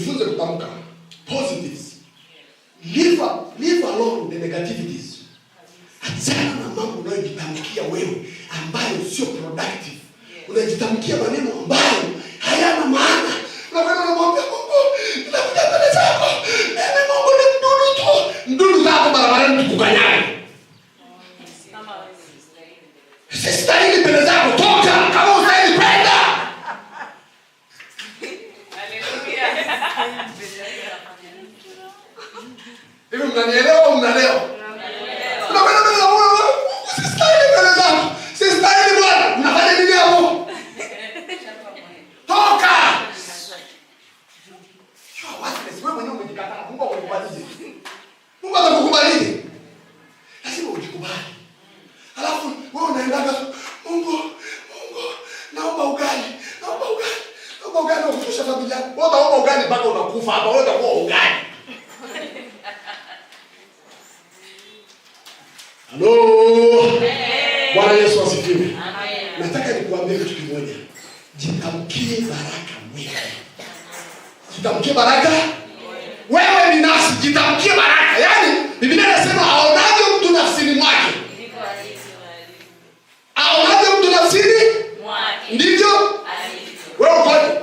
tujifunze kutamka positives, leave leave alone the negativities. Achana na mambo unayojitamkia wewe ambayo sio productive, unajitamkia maneno moja, jitamkie baraka mwili, jitamkie baraka wewe binafsi, jitamkie baraka. Yaani Biblia inasema aonaje mtu nafsini mwake, aonaje mtu nafsini ndivyo wewe ukoje,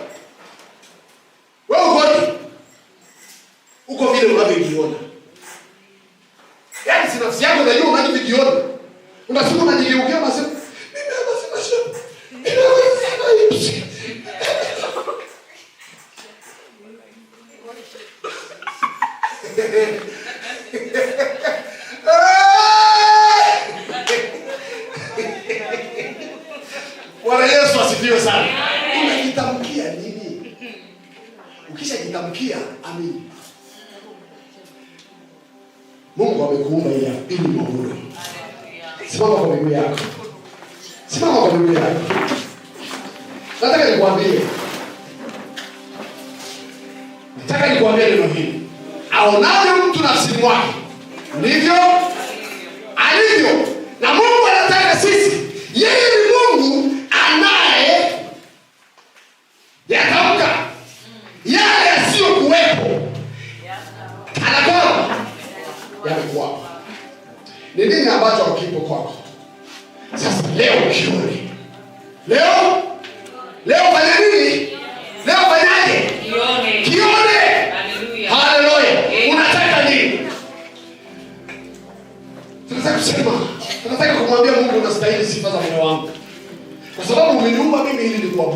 wewe ukoje, uko vile unavyojiona. Yaani si nafsi yako ndio unavyojiona, unasema unajigeukia, unasema Bwana Yesu asifiwe sana. Unajitamkia nini? Ukishajitamkia amini. Mungu amekuumba ili ili mwabudu. Simama kwa miguu yako. Simama kwa miguu yako. Nataka nikwambie kwake, ndivyo alivyo na Mungu anataka sisi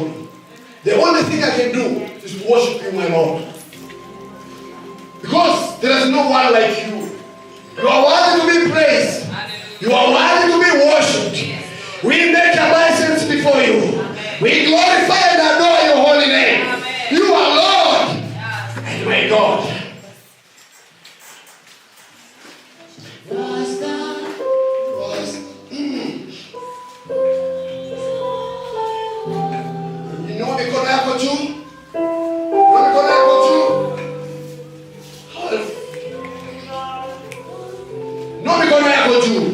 for me. The only thing I can do is worship you, my Lord. Because there is no one like you. You are worthy to be praised. You are worthy to be worshipped. We make a license before you. We glorify and adore your holy name. You are Lord. And my God. pôde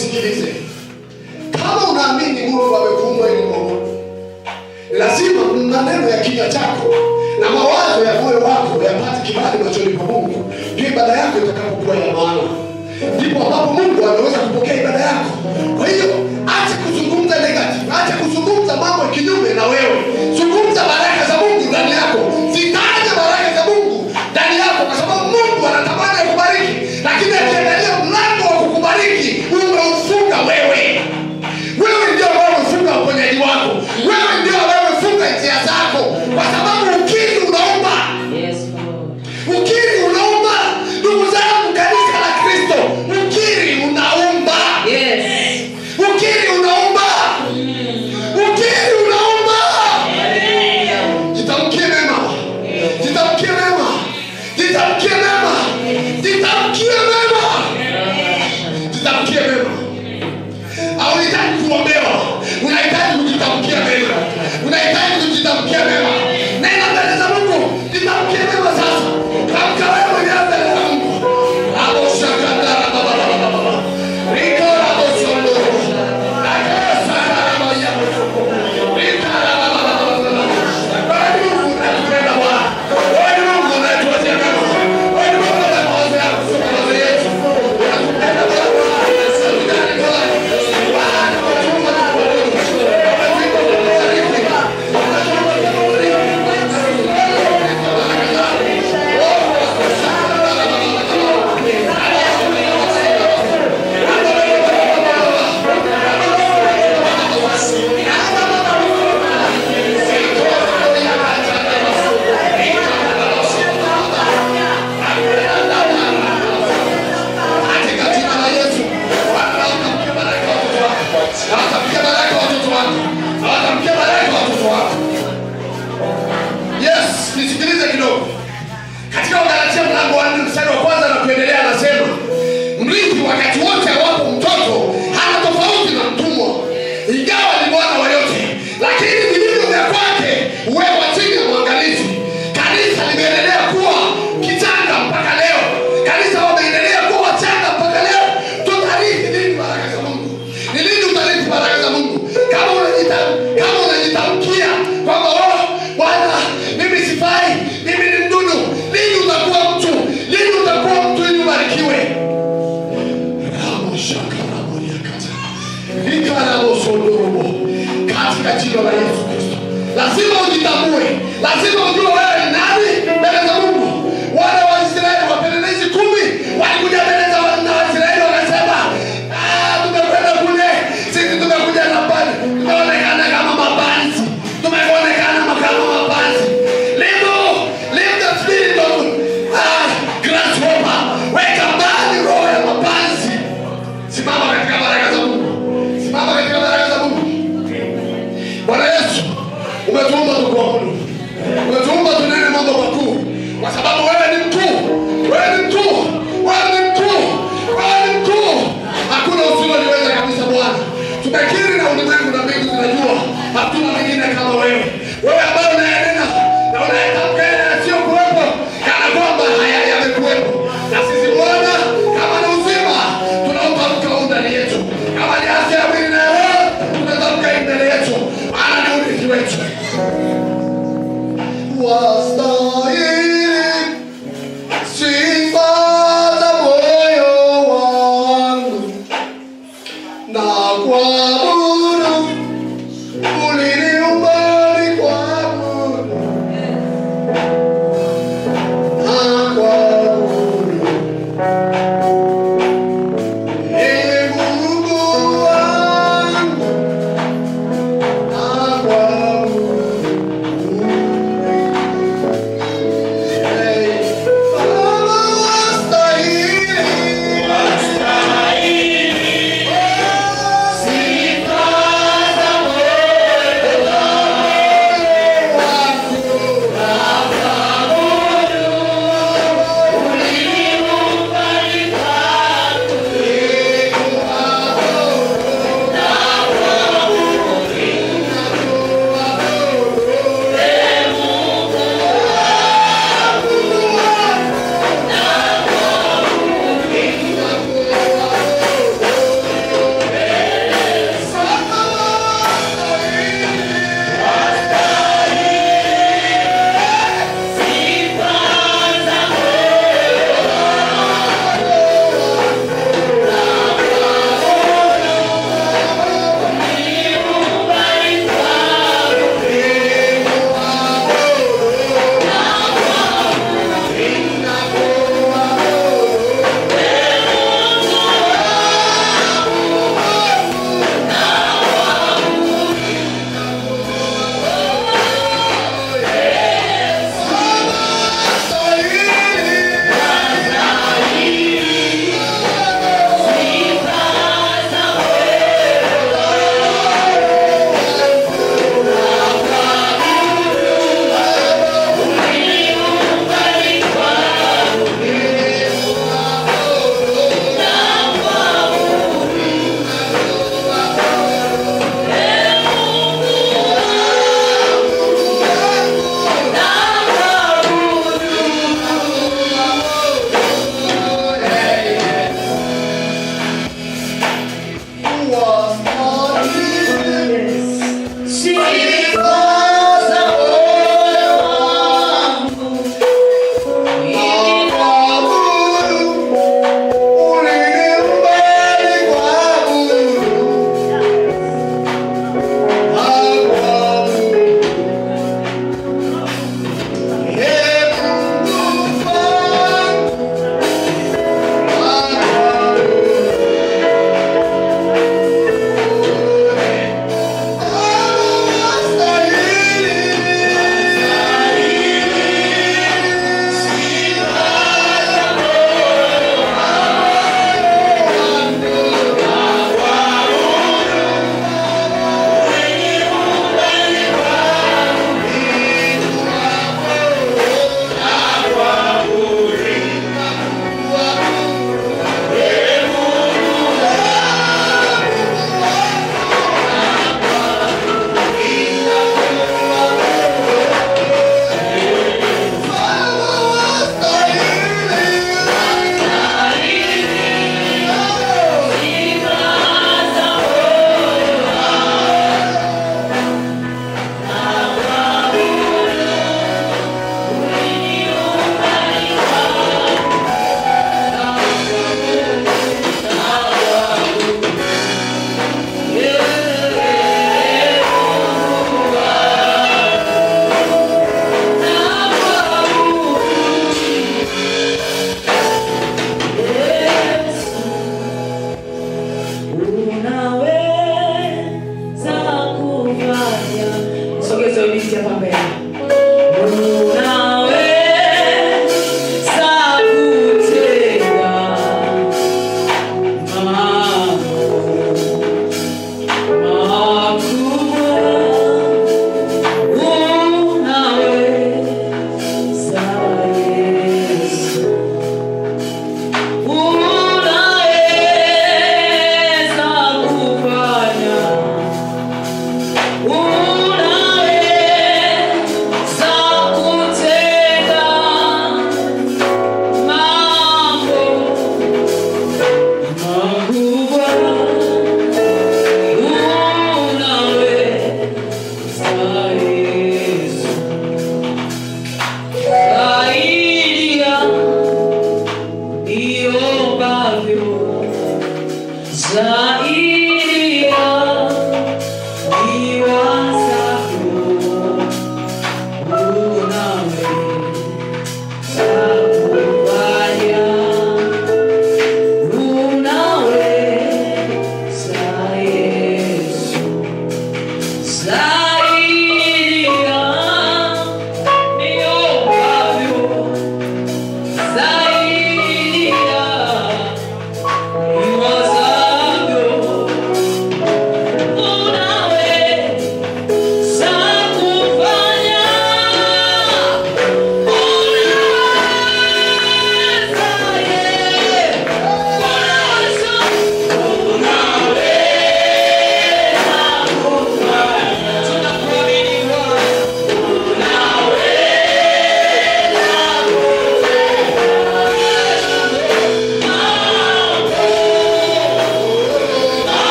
nisikilize. kama unaamini Mungu amekuumba ili uokoke, lazima maneno ya kinywa chako na mawazo ya moyo wako yapate kibali machoni pa Mungu, ndio ibada yako itakapokuwa ya maana, ndipo ambapo Mungu anaweza kupokea ibada yako. Kwa hiyo acha kuzungumza negative, acha kuzungumza mambo kinyume na wewe. la Yesu Kristo. Lazima ujitambue, lazima Lakini na ulimwengu na mbingu zinajua hatuna mwingine kama wewe, wewe ambaye unaenena na unaenda